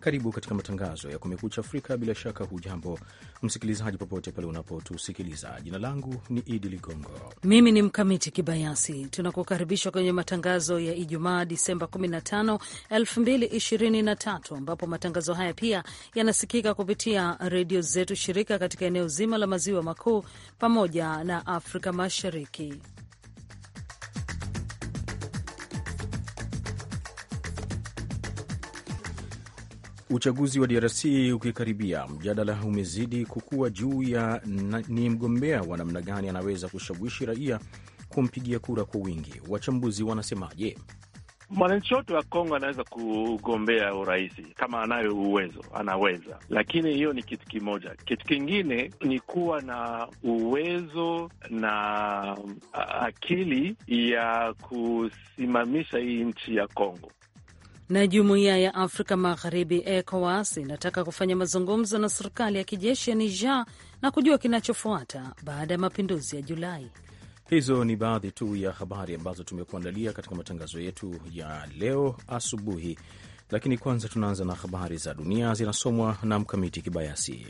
Karibu katika matangazo ya Kumekucha Afrika. Bila shaka, hujambo msikilizaji, popote pale unapotusikiliza. Jina langu ni Idi Ligongo, mimi ni Mkamiti Kibayasi. Tunakukaribisha kwenye matangazo ya Ijumaa Disemba 15, 2023 ambapo matangazo haya pia yanasikika kupitia redio zetu shirika katika eneo zima la maziwa makuu pamoja na Afrika Mashariki. Uchaguzi wa DRC ukikaribia, mjadala umezidi kukua juu ya ni mgombea wa namna gani anaweza kushawishi raia kumpigia kura kwa wingi. Wachambuzi wanasemaje? Mwananchi wote wa Kongo anaweza kugombea urais kama anayo uwezo, anaweza. Lakini hiyo ni kitu kimoja. Kitu kingine ni kuwa na uwezo na akili ya kusimamisha hii nchi ya Kongo. Na jumuiya ya Afrika Magharibi, ECOWAS, inataka kufanya mazungumzo na serikali ya kijeshi ya Niger na kujua kinachofuata baada ya mapinduzi ya Julai. Hizo ni baadhi tu ya habari ambazo tumekuandalia katika matangazo yetu ya leo asubuhi, lakini kwanza tunaanza na habari za dunia zinasomwa na Mkamiti Kibayasi.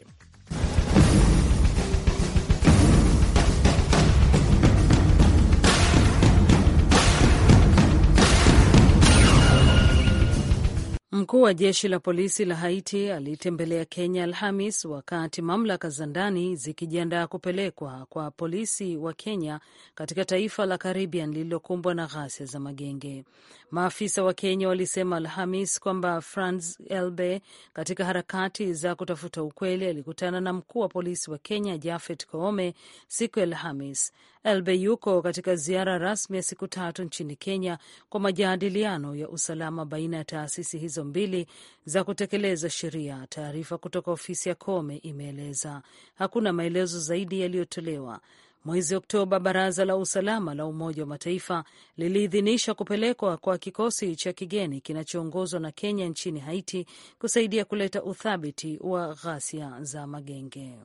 Mkuu wa jeshi la polisi la Haiti alitembelea Kenya Alhamis wakati mamlaka za ndani zikijiandaa kupelekwa kwa polisi wa Kenya katika taifa la Caribbean lililokumbwa na ghasia za magenge. Maafisa wa Kenya walisema Alhamis kwamba Franz Elbe, katika harakati za kutafuta ukweli, alikutana na mkuu wa polisi wa Kenya Jafet Koome siku ya Alhamis Abe yuko katika ziara rasmi ya siku tatu nchini Kenya kwa majadiliano ya usalama baina ya taasisi hizo mbili za kutekeleza sheria. Taarifa kutoka ofisi ya Kome imeeleza hakuna maelezo zaidi yaliyotolewa. Mwezi Oktoba, baraza la usalama la Umoja wa Mataifa liliidhinisha kupelekwa kwa kikosi cha kigeni kinachoongozwa na Kenya nchini Haiti kusaidia kuleta uthabiti wa ghasia za magenge.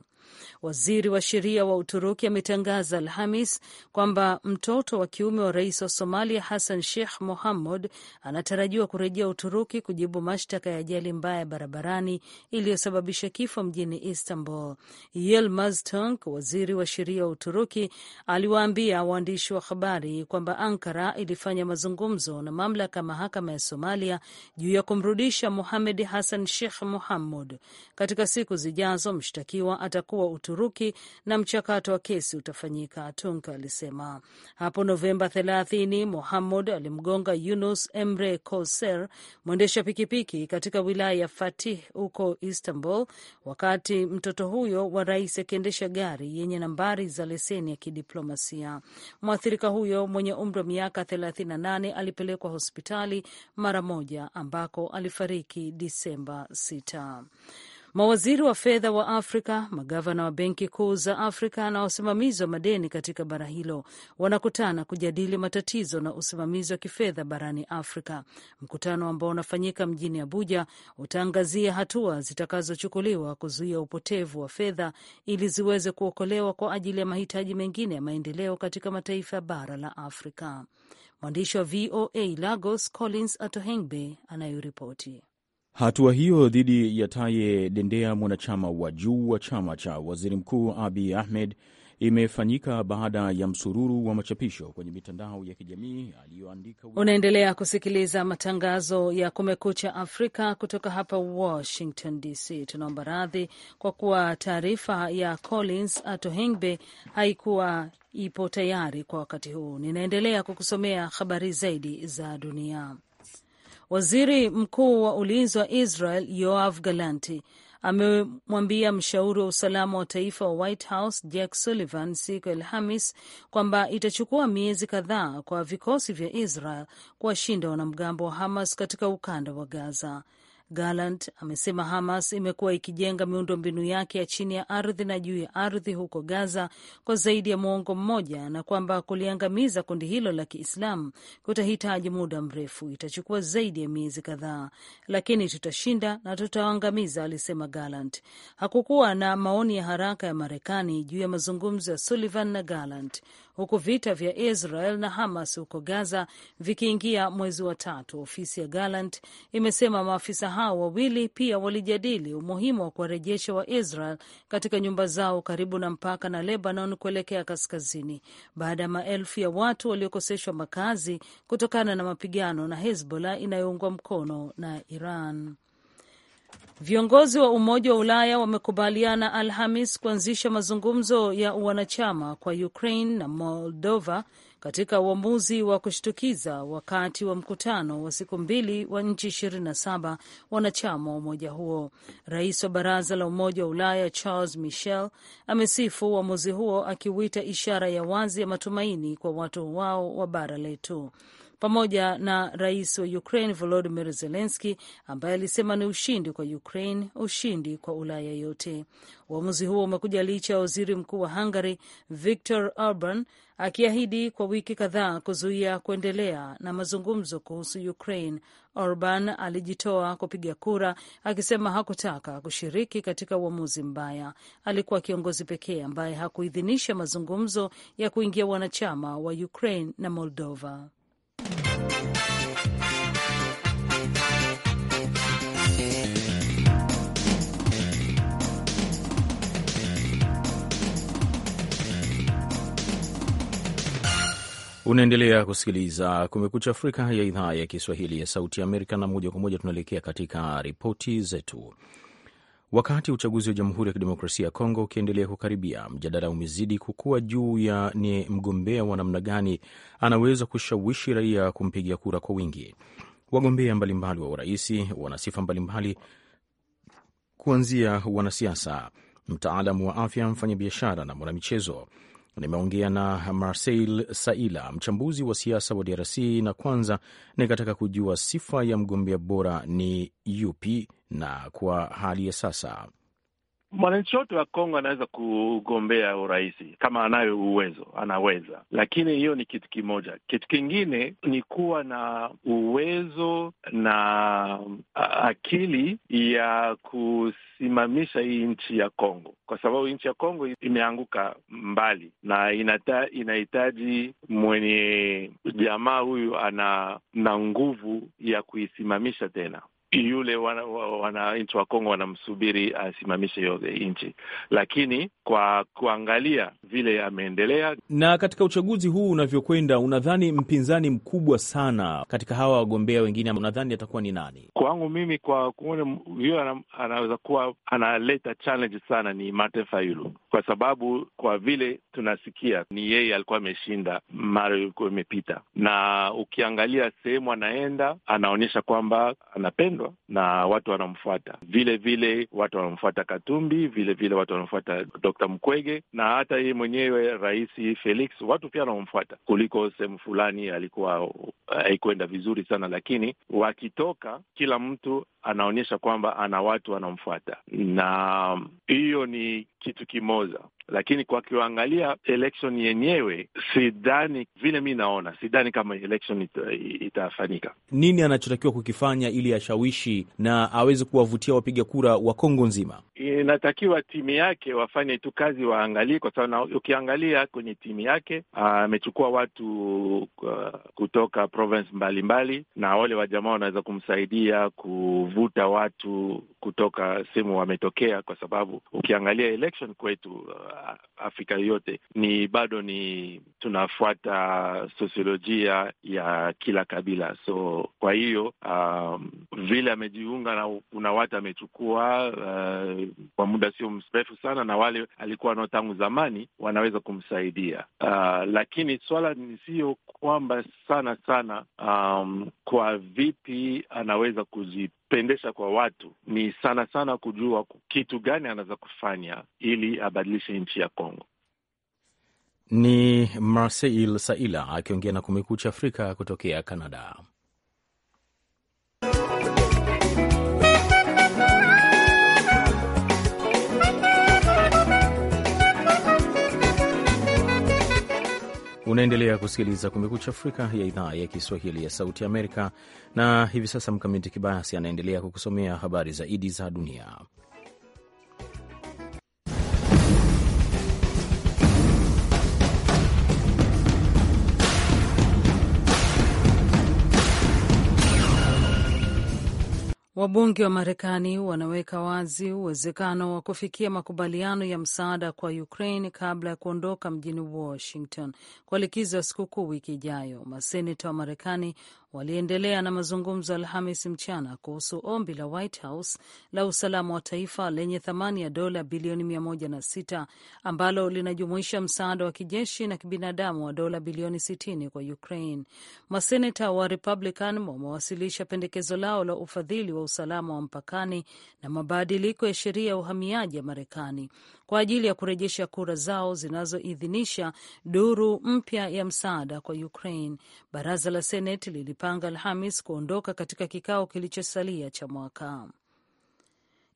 Waziri wa sheria wa Uturuki ametangaza Alhamis kwamba mtoto wa kiume wa rais wa Somalia Hassan Sheikh Mohamud anatarajiwa kurejea Uturuki kujibu mashtaka ya ajali mbaya barabarani iliyosababisha kifo mjini Istanbul. Yilmaz Tunk, waziri wa sheria wa Uturuki, aliwaambia waandishi wa habari kwamba Ankara ilifanya mazungumzo na mamlaka mahakama ya Somalia juu ya kumrudisha Mohamed Hassan Sheikh Mohamud. Katika siku zijazo, mshtakiwa atakuwa mkuu wa Uturuki na mchakato wa kesi utafanyika, Tunk alisema. Hapo Novemba 30 Mohamud alimgonga Yunus Emre Koser, mwendesha pikipiki katika wilaya ya Fatih huko Istanbul, wakati mtoto huyo wa rais akiendesha gari yenye nambari za leseni ya kidiplomasia. Mwathirika huyo mwenye umri wa miaka 38 alipelekwa hospitali mara moja ambako alifariki Disemba 6. Mawaziri wa fedha wa Afrika, magavana wa benki kuu za Afrika na wasimamizi wa madeni katika bara hilo wanakutana kujadili matatizo na usimamizi wa kifedha barani Afrika. Mkutano ambao unafanyika mjini Abuja utaangazia hatua zitakazochukuliwa kuzuia upotevu wa fedha ili ziweze kuokolewa kwa ajili ya mahitaji mengine ya maendeleo katika mataifa ya bara la Afrika. Mwandishi wa VOA Lagos, Collins Atohengbe anayoripoti Hatua hiyo dhidi ya Taye Dendea, mwanachama wa juu wa chama cha waziri mkuu Abi Ahmed, imefanyika baada ya msururu wa machapisho kwenye mitandao ya kijamii aliyoandika. Unaendelea kusikiliza matangazo ya Kumekucha Afrika kutoka hapa Washington DC. Tunaomba radhi kwa kuwa taarifa ya Collins Atohengbe haikuwa ipo tayari kwa wakati huu. Ninaendelea kukusomea habari zaidi za dunia. Waziri mkuu wa ulinzi wa Israel Yoav Galanti amemwambia mshauri wa usalama wa taifa wa White House Jack Sullivan siku ya Alhamis kwamba itachukua miezi kadhaa kwa vikosi vya Israel kuwashinda wanamgambo wa Hamas katika ukanda wa Gaza. Garland amesema Hamas imekuwa ikijenga miundombinu yake ya chini ya ardhi na juu ya ardhi huko Gaza kwa zaidi ya mwongo mmoja na kwamba kuliangamiza kundi hilo la Kiislamu kutahitaji muda mrefu, itachukua zaidi ya miezi kadhaa, lakini tutashinda na tutawaangamiza, alisema Garland. Hakukuwa na maoni ya haraka ya Marekani juu ya mazungumzo ya Sullivan na Garland huku vita vya Israel na Hamas huko Gaza vikiingia mwezi wa tatu. Ofisi ya Gallant imesema maafisa hao wawili pia walijadili umuhimu wa kuwarejesha wa Israel katika nyumba zao karibu na mpaka na Lebanon kuelekea kaskazini baada ya maelfu ya watu waliokoseshwa makazi kutokana na mapigano na Hezbollah inayoungwa mkono na Iran. Viongozi wa Umoja wa Ulaya wamekubaliana Alhamis kuanzisha mazungumzo ya wanachama kwa Ukraine na Moldova katika uamuzi wa kushtukiza wakati wa mkutano wa siku mbili wa nchi 27 wanachama wa umoja huo. Rais wa Baraza la Umoja wa Ulaya Charles Michel amesifu uamuzi huo akiuita ishara ya wazi ya matumaini kwa watu wao wa bara letu pamoja na rais wa Ukraine volodimir zelenski ambaye alisema ni ushindi kwa Ukraine, ushindi kwa Ulaya yote. Uamuzi huo umekuja licha ya waziri mkuu wa Hungary Viktor Orban akiahidi kwa wiki kadhaa kuzuia kuendelea na mazungumzo kuhusu Ukraine. Orban alijitoa kupiga kura akisema hakutaka kushiriki katika uamuzi mbaya. Alikuwa kiongozi pekee ambaye hakuidhinisha mazungumzo ya kuingia wanachama wa Ukraine na Moldova. Unaendelea kusikiliza Kumekucha Afrika ya idhaa ya Kiswahili ya Sauti ya Amerika, na moja kwa moja tunaelekea katika ripoti zetu. Wakati uchaguzi wa Jamhuri ya Kidemokrasia ya Kongo ukiendelea kukaribia, mjadala umezidi kukua juu ya ni mgombea wa namna gani anaweza kushawishi raia kumpigia kura kwa wingi. Wagombea mbalimbali wa urahisi wana sifa mbalimbali, kuanzia wanasiasa, mtaalamu wa afya, mfanyabiashara na mwanamichezo. Nimeongea na Marcel Saila, mchambuzi wa siasa wa DRC, na kwanza nikataka kujua sifa ya mgombea bora ni yupi na kwa hali ya sasa mwananchi wote wa Kongo anaweza kugombea urais kama anayo uwezo, anaweza. Lakini hiyo ni kitu kimoja. Kitu kingine ni kuwa na uwezo na akili ya kusimamisha hii nchi ya Kongo, kwa sababu nchi ya Kongo imeanguka mbali na inata, inahitaji mwenye jamaa huyu ana na nguvu ya kuisimamisha tena. yule wananchi wa Kongo wanamsubiri asimamishe hiyo nchi, lakini kwa kuangalia vile ameendelea. Na katika uchaguzi huu unavyokwenda, unadhani mpinzani mkubwa sana katika hawa wagombea wengine, unadhani atakuwa ni nani? Kwangu mimi, kwa kuona yule anaweza kuwa analeta challenge sana ni Martin Fayulu, kwa sababu kwa vile tunasikia ni yeye alikuwa ameshinda mara ilikuwa imepita, na ukiangalia sehemu anaenda, anaonyesha kwamba anapenda anapendwa na watu wanamfuata vile vile, watu wanamfuata Katumbi vile vile, watu wanamfuata Dr. Mkwege na hata yeye mwenyewe Rais Felix, watu pia wanamfuata kuliko sehemu fulani alikuwa haikwenda vizuri sana, lakini wakitoka, kila mtu anaonyesha kwamba ana watu wanamfuata, na hiyo ni kitu kimoja lakini kwa kiwangalia election yenyewe sidhani vile, mi naona sidhani kama election ita, itafanyika. Nini anachotakiwa kukifanya ili ashawishi na aweze kuwavutia wapiga kura wa Kongo nzima? Inatakiwa timu yake wafanye tu kazi, waangalie, kwa sababu ukiangalia kwenye timu yake amechukua watu uh, kutoka province mbalimbali, na wale wa jamaa wanaweza kumsaidia kuvuta watu kutoka sehemu wametokea, kwa sababu ukiangalia election kwetu uh, Afrika yote ni bado ni tunafuata sosiolojia ya kila kabila, so kwa hiyo um, vile amejiunga na kuna watu amechukua uh, kwa muda sio mrefu sana, na wale alikuwa nao tangu zamani wanaweza kumsaidia uh, lakini swala ni sio kwamba sana sana um, kwa vipi anaweza kuzipa pendesha kwa watu ni sana sana kujua kitu gani anaweza kufanya ili abadilishe nchi ya Kongo. Ni Marseille Saila akiongea na Kumekucha Afrika kutokea Canada. Unaendelea kusikiliza Kumekucha Afrika ya idhaa ya Kiswahili ya Sauti Amerika, na hivi sasa Mkamiti Kibayasi anaendelea kukusomea habari zaidi za dunia. Wabunge wa Marekani wanaweka wazi uwezekano wa kufikia makubaliano ya msaada kwa Ukraine kabla ya kuondoka mjini Washington kwa likizo ya sikukuu wiki ijayo. Maseneta wa Marekani waliendelea na mazungumzo Alhamis mchana kuhusu ombi la White House la usalama wa taifa lenye thamani ya dola bilioni 106 ambalo linajumuisha msaada wa kijeshi na kibinadamu wa dola bilioni 60 kwa Ukraine. Maseneta wa Republican wamewasilisha pendekezo lao la ufadhili wa usalama wa mpakani na mabadiliko ya sheria ya uhamiaji ya Marekani kwa ajili ya kurejesha kura zao zinazoidhinisha duru mpya ya msaada kwa Ukraine. Baraza la Seneti lilipanga Alhamis kuondoka katika kikao kilichosalia cha mwaka.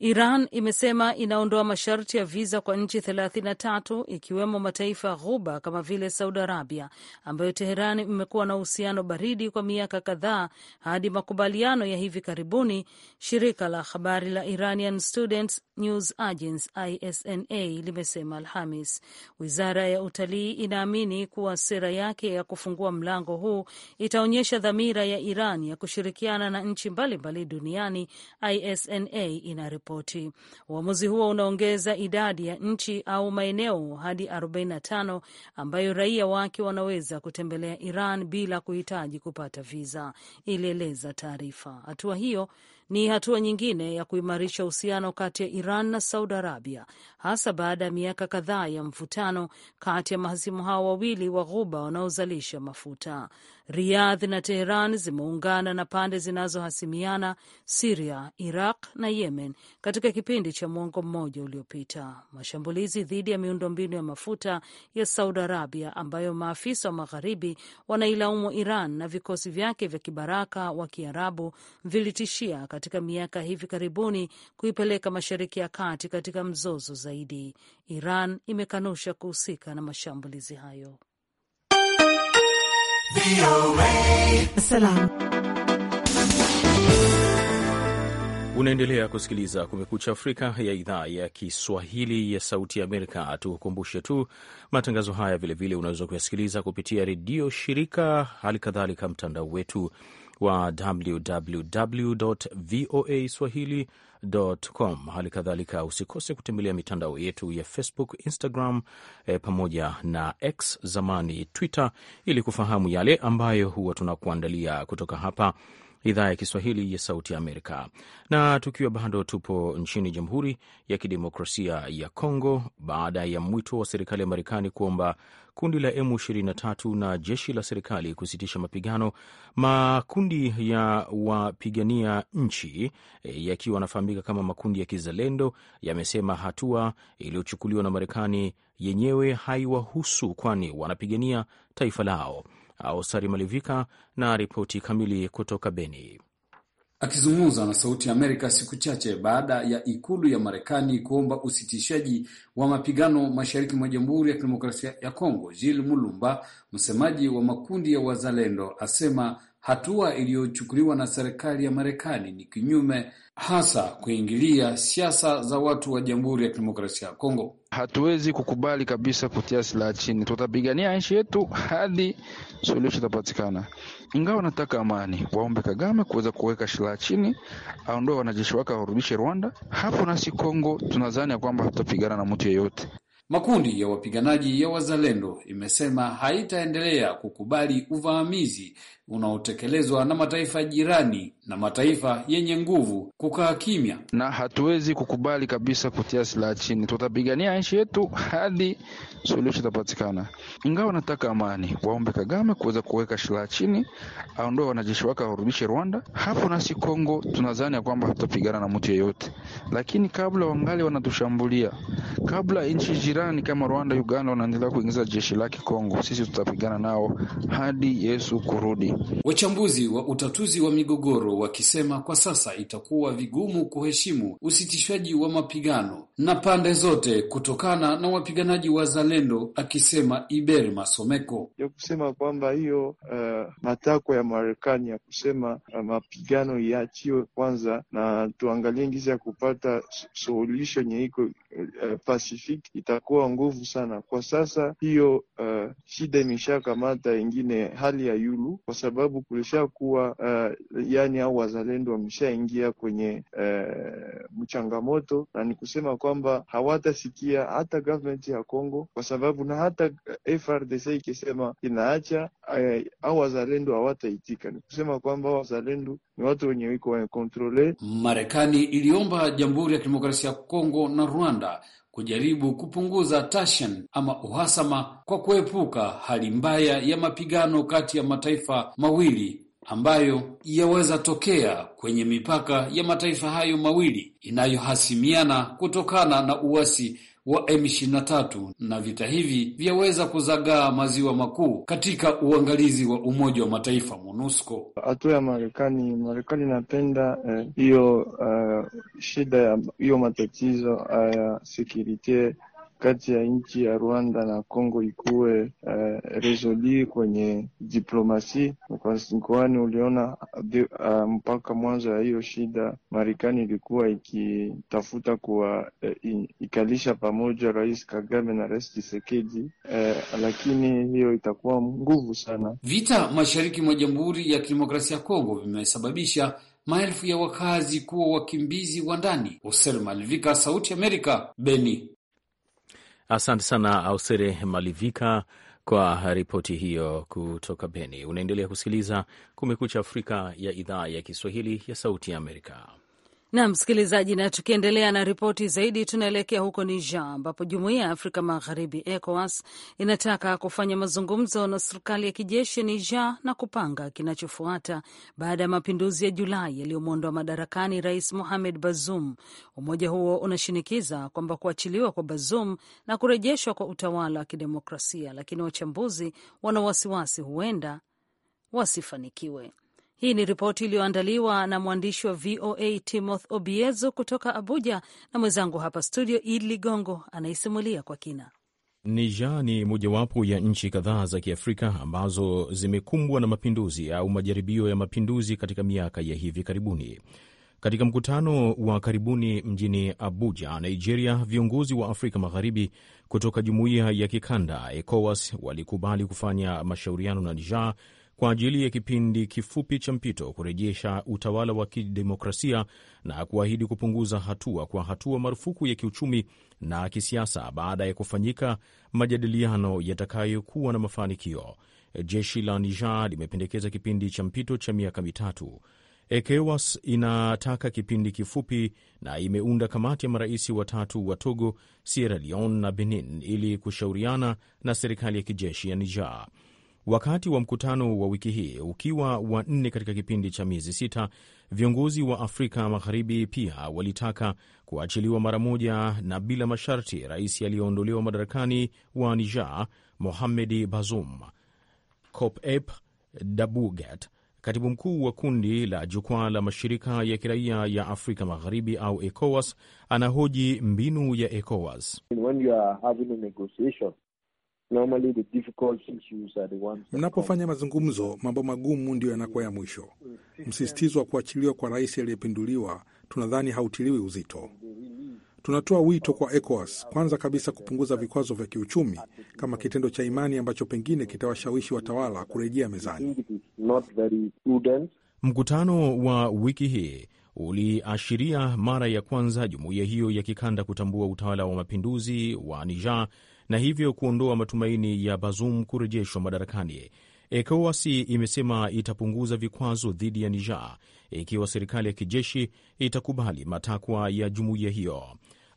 Iran imesema inaondoa masharti ya viza kwa nchi 33 ikiwemo mataifa ya Ghuba kama vile Saudi Arabia, ambayo Teheran imekuwa na uhusiano baridi kwa miaka kadhaa hadi makubaliano ya hivi karibuni, shirika la habari la Iranian Students News Agency ISNA limesema Alhamis. Wizara ya utalii inaamini kuwa sera yake ya kufungua mlango huu itaonyesha dhamira ya Iran ya kushirikiana na nchi mbalimbali duniani, ISNA inaripoti ripoti. Uamuzi huo unaongeza idadi ya nchi au maeneo hadi 45 ambayo raia wake wanaweza kutembelea Iran bila kuhitaji kupata viza, ilieleza taarifa. Hatua hiyo ni hatua nyingine ya kuimarisha uhusiano kati ya Iran na Saudi Arabia, hasa baada ya miaka kadhaa ya mvutano kati ya mahasimu hao wawili wa Ghuba wanaozalisha mafuta. Riyadh na Teheran zimeungana na pande zinazohasimiana Siria, Iraq na Yemen katika kipindi cha mwongo mmoja uliopita. Mashambulizi dhidi ya miundombinu ya mafuta ya Saudi Arabia ambayo maafisa wa magharibi wanailaumu Iran na vikosi vyake vya kibaraka wa Kiarabu vilitishia katika miaka hivi karibuni kuipeleka Mashariki ya Kati katika mzozo zaidi. Iran imekanusha kuhusika na mashambulizi hayo. Unaendelea kusikiliza Kumekucha Afrika ya idhaa ya Kiswahili ya Sauti ya Amerika. Tukukumbushe tu matangazo haya vilevile unaweza kuyasikiliza kupitia redio shirika, hali kadhalika mtandao wetu wa wwwvoa swahilicom. Hali kadhalika usikose kutembelea mitandao yetu ya Facebook, Instagram e, pamoja na X zamani Twitter, ili kufahamu yale ambayo huwa tunakuandalia kutoka hapa idhaa ya Kiswahili ya Sauti ya Amerika. Na tukiwa bado tupo nchini Jamhuri ya Kidemokrasia ya Kongo, baada ya mwito wa serikali ya Marekani kuomba kundi la M23 na jeshi la serikali kusitisha mapigano, makundi ya wapigania nchi eh, yakiwa yanafahamika kama makundi ya kizalendo yamesema hatua iliyochukuliwa na Marekani yenyewe haiwahusu, kwani wanapigania taifa lao. Ausari Malivika na ripoti kamili kutoka Beni. Akizungumza na Sauti ya Amerika siku chache baada ya ikulu ya Marekani kuomba usitishaji wa mapigano mashariki mwa Jamhuri ya Kidemokrasia ya Kongo, Jil Mulumba, msemaji wa makundi ya wazalendo, asema hatua iliyochukuliwa na serikali ya Marekani ni kinyume hasa kuingilia siasa za watu wa Jamhuri ya Kidemokrasia ya Kongo. Hatuwezi kukubali kabisa kutia silaha chini, tutapigania nchi yetu hadi suluhisho itapatikana. Ingawa wanataka amani, waombe Kagame kuweza kuweka silaha chini, aondoe wanajeshi wake, awarudishe Rwanda. Hapo nasi Kongo tunadhani ya kwamba hatutapigana na mtu yeyote. Makundi ya wapiganaji ya wazalendo imesema haitaendelea kukubali uvamizi unaotekelezwa na mataifa jirani na mataifa yenye nguvu kukaa kimya, na hatuwezi kukubali kabisa kutia silaha chini. Tutapigania nchi yetu hadi suluhisho itapatikana. Ingawa wanataka amani, waombe Kagame kuweza kuweka silaha chini, aondoe wanajeshi wake, warudishe Rwanda. Hapo nasi Kongo tunadhani ya kwamba hatutapigana na mtu yeyote, lakini kabla wangali wanatushambulia, kabla nchi jirani kama Rwanda, Uganda wanaendelea kuingiza jeshi lake Kongo, sisi tutapigana nao hadi Yesu kurudi. Wachambuzi wa utatuzi wa migogoro wakisema kwa sasa itakuwa vigumu kuheshimu usitishwaji wa mapigano na pande zote kutokana na wapiganaji wazalendo, akisema Iber Masomeko ya kusema kwamba hiyo uh, matakwa ya Marekani ya kusema uh, mapigano iachiwe kwanza na tuangalie ngizi ya kupata suluhisho yenye iko uh, Pacific itakuwa nguvu sana kwa sasa. Hiyo uh, shida imeshakamata ingine hali ya yulu, kwa sababu kulishakuwa uh, yani au wazalendo wameshaingia kwenye uh, mchangamoto na ni kusema kwa kwamba hawatasikia hata government ya Kongo kwa sababu na hata eh, FRDC ikisema inaacha eh, au wazalendo hawataitika. Ni kusema kwamba wazalendo ni watu wenye wiko kontrole Marekani iliomba Jamhuri ya Kidemokrasia ya Kongo na Rwanda kujaribu kupunguza tashan ama uhasama kwa kuepuka hali mbaya ya mapigano kati ya mataifa mawili ambayo yaweza tokea kwenye mipaka ya mataifa hayo mawili inayohasimiana kutokana na uasi wa M23 na vita hivi vyaweza kuzagaa maziwa makuu katika uangalizi wa Umoja wa Mataifa MONUSCO. Hatua ya Marekani, Marekani inapenda eh, hiyo eh, uh, shida ya hiyo matatizo eh, ya uh, sekurite kati ya nchi ya Rwanda na congo ikuwe uh, resoli kwenye diplomasi kwani uliona de, uh, mpaka mwanzo ya hiyo shida Marekani ilikuwa ikitafuta kuwa uh, ikalisha pamoja Rais Kagame na Rais chisekedi uh, eh, lakini hiyo itakuwa nguvu sana. Vita mashariki mwa Jamhuri ya Kidemokrasia ya Kongo vimesababisha maelfu ya wakazi kuwa wakimbizi wa ndani. Hoser Malivika, Sauti Amerika, Beni. Asante sana Ausere Malivika kwa ripoti hiyo kutoka Beni. Unaendelea kusikiliza Kumekucha Afrika ya idhaa ya Kiswahili ya Sauti ya Amerika. Na msikilizaji, na tukiendelea na ripoti zaidi, tunaelekea huko Niger ambapo jumuiya ya Afrika Magharibi ECOWAS inataka kufanya mazungumzo na serikali ya kijeshi ya Niger na kupanga kinachofuata baada ya mapinduzi ya Julai yaliyomwondoa madarakani Rais Mohamed Bazoum. Umoja huo unashinikiza kwamba kuachiliwa kwa Bazoum na kurejeshwa kwa utawala wa kidemokrasia, lakini wachambuzi wana wasiwasi huenda wasifanikiwe. Hii ni ripoti iliyoandaliwa na mwandishi wa VOA timoth Obiezo kutoka Abuja na mwenzangu hapa studio id Ligongo anaisimulia kwa kina. Niger ni mojawapo ya nchi kadhaa za Kiafrika ambazo zimekumbwa na mapinduzi au majaribio ya mapinduzi katika miaka ya hivi karibuni. Katika mkutano wa karibuni mjini Abuja, Nigeria, viongozi wa Afrika Magharibi kutoka jumuiya ya kikanda ECOWAS walikubali kufanya mashauriano na Niger kwa ajili ya kipindi kifupi cha mpito kurejesha utawala wa kidemokrasia na kuahidi kupunguza hatua kwa hatua marufuku ya kiuchumi na kisiasa baada ya kufanyika majadiliano yatakayokuwa na mafanikio. Jeshi la Niger limependekeza kipindi cha mpito cha miaka mitatu. ECOWAS inataka kipindi kifupi na imeunda kamati ya marais watatu wa Togo, Sierra Leone na Benin ili kushauriana na serikali ya kijeshi ya Niger. Wakati wa mkutano wa wiki hii ukiwa wa nne katika kipindi cha miezi sita, viongozi wa Afrika Magharibi pia walitaka kuachiliwa mara moja na bila masharti rais aliyeondolewa madarakani wa Niger, Mohamed Bazoum. Copep Dabugat, katibu mkuu wa kundi la jukwaa la mashirika ya kiraia ya Afrika Magharibi au ECOWAS, anahoji mbinu ya ECOWAS. When you are having a negotiation Normally the difficult issues are the ones. Mnapofanya mazungumzo, mambo magumu ndiyo yanakuwa ya mwisho. Msisitizo wa kuachiliwa kwa rais aliyepinduliwa tunadhani hautiliwi uzito. Tunatoa wito kwa ECOWAS kwanza kabisa kupunguza vikwazo vya kiuchumi kama kitendo cha imani ambacho pengine kitawashawishi watawala kurejea mezani. Mkutano wa wiki hii uliashiria mara ya kwanza jumuiya hiyo ya kikanda kutambua utawala wa mapinduzi wa Niger na hivyo kuondoa matumaini ya Bazoum kurejeshwa madarakani. ECOWAS imesema itapunguza vikwazo dhidi ya Niger ikiwa serikali ya kijeshi itakubali matakwa ya jumuiya hiyo.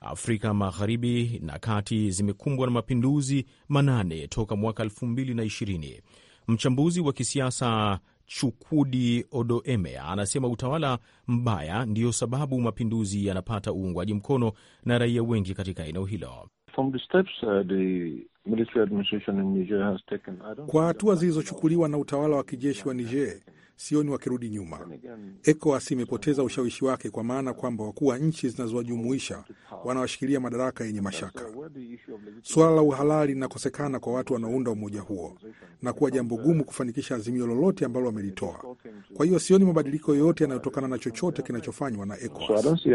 Afrika Magharibi na Kati zimekumbwa na mapinduzi manane toka mwaka 2020. Mchambuzi wa kisiasa chukudi Odoeme anasema utawala mbaya ndiyo sababu mapinduzi yanapata uungwaji mkono na raia wengi katika eneo hilo. From the steps, uh, the military administration in Niger has taken, I don't kwa hatua zilizochukuliwa na utawala wa kijeshi wa Niger sioni wakirudi nyuma. ECOWAS imepoteza ushawishi wake kwa maana kwamba wakuu wa nchi zinazowajumuisha wanawashikilia madaraka yenye uh, mashaka. Suala la uhalali linakosekana kwa watu wanaounda umoja huo na kuwa jambo uh, gumu kufanikisha azimio lolote ambalo wamelitoa. Kwa hiyo sioni mabadiliko yoyote yanayotokana na chochote uh, kinachofanywa na ECOWAS.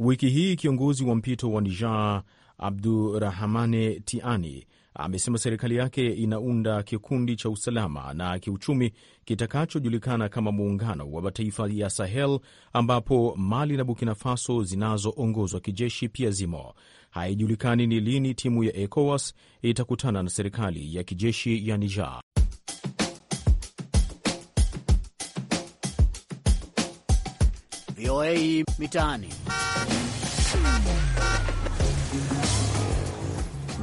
Wiki hii kiongozi wa mpito wa Niger Abdurahmane Tiani amesema serikali yake inaunda kikundi cha usalama na kiuchumi kitakachojulikana kama Muungano wa Mataifa ya Sahel, ambapo Mali na Burkina Faso zinazoongozwa kijeshi pia zimo. Haijulikani ni lini timu ya ECOWAS itakutana na serikali ya kijeshi ya Niger. VOA Mitaani.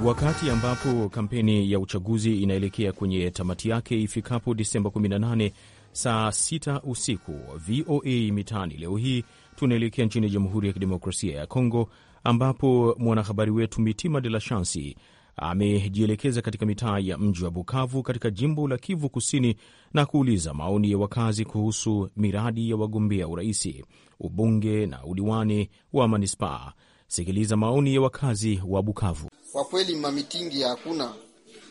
Wakati ambapo kampeni ya uchaguzi inaelekea kwenye tamati yake ifikapo Disemba 18 saa 6 usiku, VOA Mitaani leo hii tunaelekea nchini Jamhuri ya Kidemokrasia ya Kongo, ambapo mwanahabari wetu Mitima De La Shansi amejielekeza katika mitaa ya mji wa Bukavu katika jimbo la Kivu Kusini na kuuliza maoni ya wakazi kuhusu miradi ya wagombea uraisi, ubunge na udiwani wa manispaa. Sikiliza maoni ya wakazi wa Bukavu. Kwa kweli mamitingi hakuna,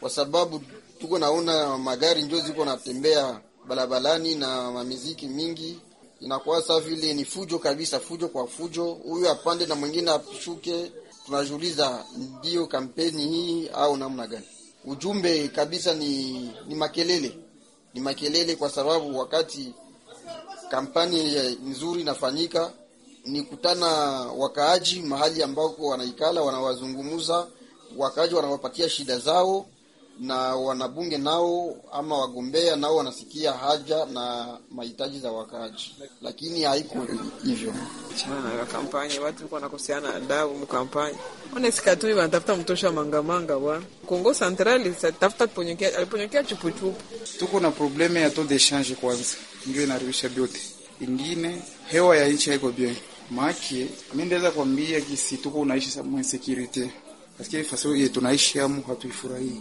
kwa sababu tuko naona magari njo ziko natembea barabarani na mamiziki mingi inakuwa saa vile ni fujo kabisa, fujo kwa fujo, huyu apande na mwingine ashuke tunajiuliza ndio kampeni hii au namna gani? Ujumbe kabisa ni, ni makelele, ni makelele, kwa sababu wakati kampani nzuri inafanyika ni kutana wakaaji mahali ambako wanaikala, wanawazungumuza wakaaji, wanawapatia shida zao na wanabunge nao ama wagombea nao wanasikia haja na mahitaji za wakaaji, lakini haiko hivyo chana kampanye. Watu iko wanakoseana adabu mkampanye onesikatui wanatafuta mtosha mangamanga bwana Kongo Central tafuta aliponyokea chupuchupu. Tuko na probleme ya taux de change kwanza, ndio inaribisha byote ingine. Hewa ya nchi haiko bien maki, mi ndaweza kwambia kisi tuko unaishi samu insecurity, lakini fasi tunaishi amu hatuifurahii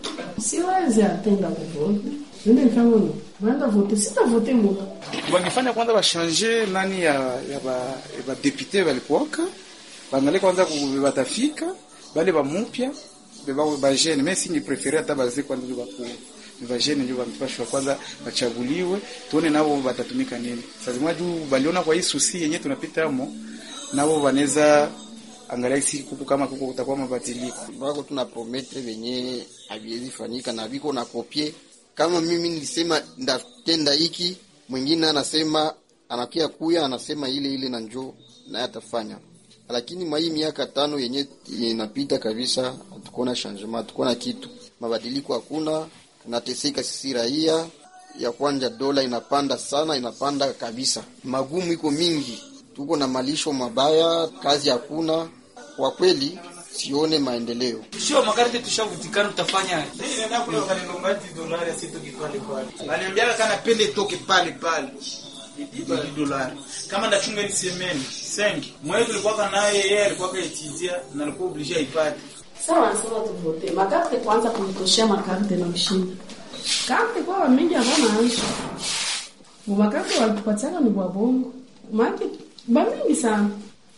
siwezi atenda kuvote. ende kama no vaenda vote sitavote muna wangefanya kwanza bashange nani ya ya ba, ya ba balikuwaka bangale kwanza batafika bale ba mupya bamupya bebabajene me singi prefere hata baze kwanza ndio ba jeune ndio vamepashwa kwanza wachaguliwe, tuone nao watatumika nini. Sasa juu baliona kwa hii susi yenye tunapita mo nao wanaweza angalai si kuku kama kuku kutakuwa mabadiliko bako tuna venye aviezi fanyika na viko na kopie. Kama mimi nilisema ndatenda hiki, mwingine anasema anakia kuya anasema ile ile na njoo naye atafanya, lakini mwa hii miaka tano yenye inapita kabisa, hatukuona changement, hatukuona kitu, mabadiliko hakuna, tunateseka sisi raia ya kwanja dola inapanda sana, inapanda kabisa, magumu iko mingi, tuko na malisho mabaya, kazi hakuna kwa kweli sione maendeleo. Sio makarti tushavutikana, tutafanya ananiambia kana pende toke pale pale dolari kama ndachunga ni semeni sengi mwezi ulikuwa naye yeye alikuwa kaitizia na alikuwa obligé ipate. Sawa, wanasema tuvote Magari kwanza kumtoshea magari na mshindi karte kwa mingi wamingi avanaisha Mwakati walitupatia ni bwabongo maki mingi sana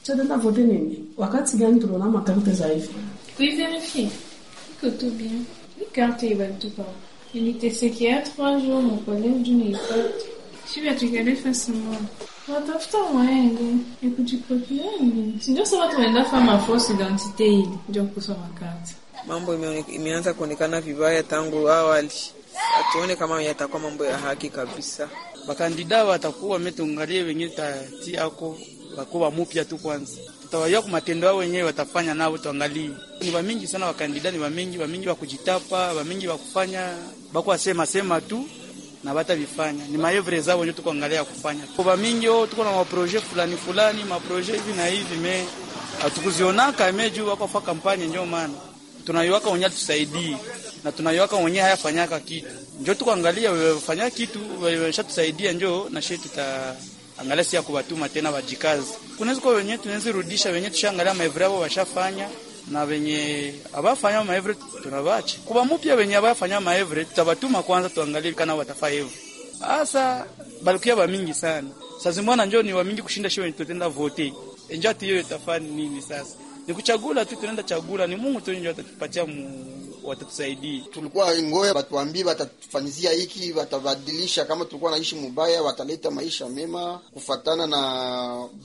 chatenda vote nini wakati gani tuliona makarte za hivi kuiverifier iko tu bien ni karte niliteseka trois jours mon collège d'une école si vatukale fasi moja watafuta mwaende nikujipatia sindio sawa tunaenda fama force identite ili ndio kusoma kati mambo imeanza kuonekana vibaya tangu awali atuone kama yatakuwa mambo ya haki kabisa bakandida watakuwa metungalie wenye tatiako wakuwa mupya tu kwanza watawaya ku matendo yao wenyewe watafanya nao, tuangalie. Ni wamingi sana wakandida, ni wamingi wamingi wa kujitapa, wamingi wa kufanya bako asema sema tu na bata vifanya ni maevre zao wenyewe, tuko angalia kufanya kwa wamingi wao. Oh, tuko na maproje fulani fulani, maproje hivi na hivi me atukuziona hatukuzionaka meju wako fa kampani, ndio maana tunaiwaka wenyewe tusaidie na tunaiwaka wenyewe hayafanyaka kitu, njo tukoangalia wewe fanya kitu wewe shatusaidia njo na shetu ta angalia si ya kubatuma tena wajikazi. Kunaweza kuwa wenyewe tunaweza rudisha wenyewe, tushaangalia maevre avo washafanya na wenye abafanya maevre tunabache kuba mupya, wenye abafanya maevre tutabatuma kwanza, tuangalie kana watafa hivyo. Asa balikuya ba mingi sana sasa, mbona njoo ni wa mingi kushinda shio wenye tutenda vote enjati hiyo itafani nini sasa ni kuchagula tu, tunaenda chagula, ni Mungu tu ndio atatupatia watatusaidia. Tulikuwa ngoya batuambie watatufanyizia hiki, watabadilisha kama tulikuwa naishi mubaya, wataleta maisha mema kufatana na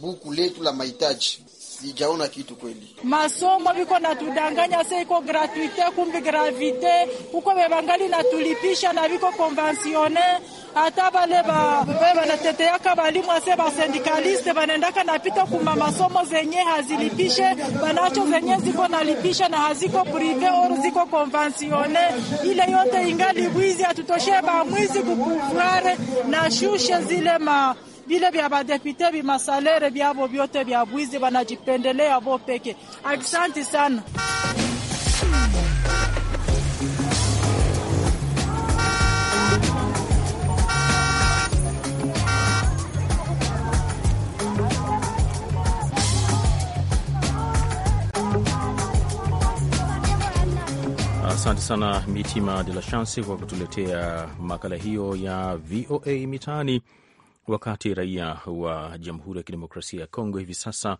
buku letu la mahitaji sijaona kitu kweli. Masomo viko natudanganya, se iko gratuite kumbi gravite uko bebangali natulipisha na viko konvensione. Hata bale banateteaka balimu ase basendikaliste banaendaka napita kuma masomo zenye hazilipishe banacho zenye ziko nalipisha na haziko prive or ziko konvensione. Ile yote ingali bwizi, hatutoshe bamwizi kupuvware na shushe zile ma vile vya badepite vimasalere vyavo vyote vya bwizi, wanajipendelea vo peke. Asante sana. Asante sana Mitima de la Chance kwa kutuletea makala hiyo ya VOA Mitaani wakati raia wa Jamhuri ya Kidemokrasia ya Kongo hivi sasa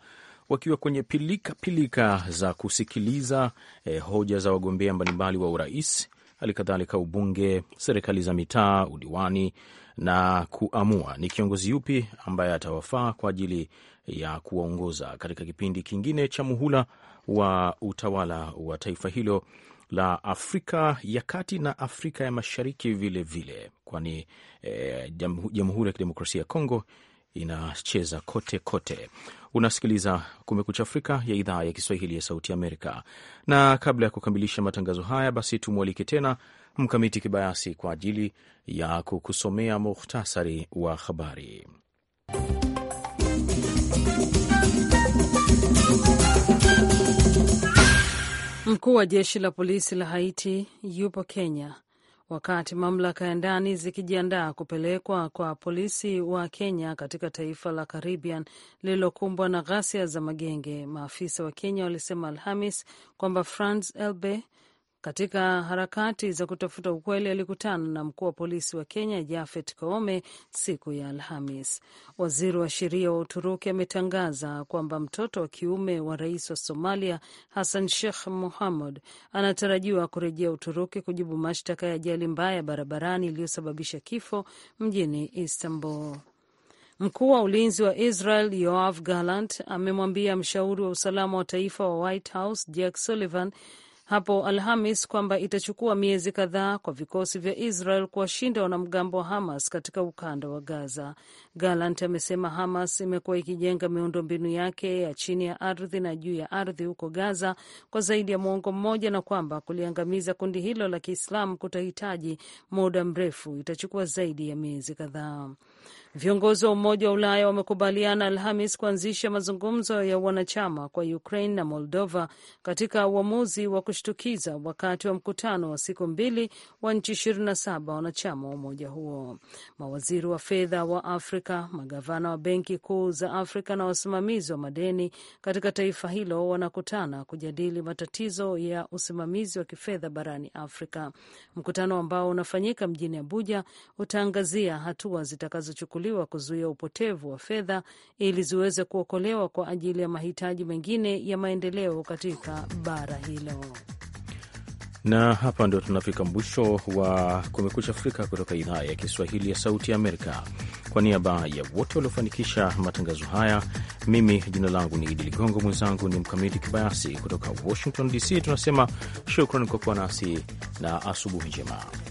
wakiwa kwenye pilika pilika za kusikiliza eh, hoja za wagombea mbalimbali wa urais, hali kadhalika ubunge, serikali za mitaa, udiwani na kuamua ni kiongozi yupi ambaye atawafaa kwa ajili ya kuwaongoza katika kipindi kingine cha muhula wa utawala wa taifa hilo la Afrika ya Kati na Afrika ya Mashariki vilevile vile kwani eh, Jamhuri ya Kidemokrasia ya Kongo inacheza kote kote. Unasikiliza Kumekucha Afrika ya idhaa ya Kiswahili ya Sauti Amerika, na kabla ya kukamilisha matangazo haya, basi tumwalike tena Mkamiti Kibayasi kwa ajili ya kukusomea muhtasari wa habari. Mkuu wa jeshi la polisi la Haiti yupo Kenya wakati mamlaka ya ndani zikijiandaa kupelekwa kwa polisi wa Kenya katika taifa la Caribbean lililokumbwa na ghasia za magenge. Maafisa wa Kenya walisema Alhamis kwamba Franz Elbe katika harakati za kutafuta ukweli, alikutana na mkuu wa polisi wa Kenya Jafet Koome siku ya Alhamis. Waziri wa sheria wa Uturuki ametangaza kwamba mtoto wa kiume wa rais wa Somalia Hassan Sheikh Mohamud anatarajiwa kurejea Uturuki kujibu mashtaka ya ajali mbaya barabarani iliyosababisha kifo mjini Istanbul. Mkuu wa ulinzi wa Israel Yoav Gallant amemwambia mshauri wa usalama wa taifa wa White House Jake Sullivan hapo Alhamis kwamba itachukua miezi kadhaa kwa vikosi vya Israel kuwashinda wanamgambo wa Hamas katika ukanda wa Gaza. galant amesema Hamas imekuwa ikijenga miundombinu yake ya chini ya ardhi na juu ya ardhi huko Gaza kwa zaidi ya mwongo mmoja, na kwamba kuliangamiza kundi hilo la Kiislamu kutahitaji muda mrefu, itachukua zaidi ya miezi kadhaa. Viongozi wa Umoja wa Ulaya wamekubaliana Alhamis kuanzisha mazungumzo ya wanachama kwa Ukraine na Moldova katika uamuzi wa kushtukiza wakati wa mkutano wa siku mbili wa nchi 27 wanachama wa umoja huo. Mawaziri wa fedha wa Afrika, magavana wa benki kuu za Afrika na wasimamizi wa madeni katika taifa hilo wanakutana kujadili matatizo ya usimamizi wa kifedha barani Afrika. Mkutano ambao unafanyika mjini Abuja utaangazia hatua zitakazo zilizochukuliwa kuzuia upotevu wa fedha ili ziweze kuokolewa kwa ajili ya mahitaji mengine ya maendeleo katika bara hilo. Na hapa ndio tunafika mwisho wa Kumekucha Afrika kutoka idhaa ya Kiswahili ya Sauti ya Amerika. Kwa niaba ya wote waliofanikisha matangazo haya, mimi jina langu ni Idi Ligongo, mwenzangu ni Mkamiti Kibayasi kutoka Washington DC. Tunasema shukran kwa kuwa nasi na asubuhi njema.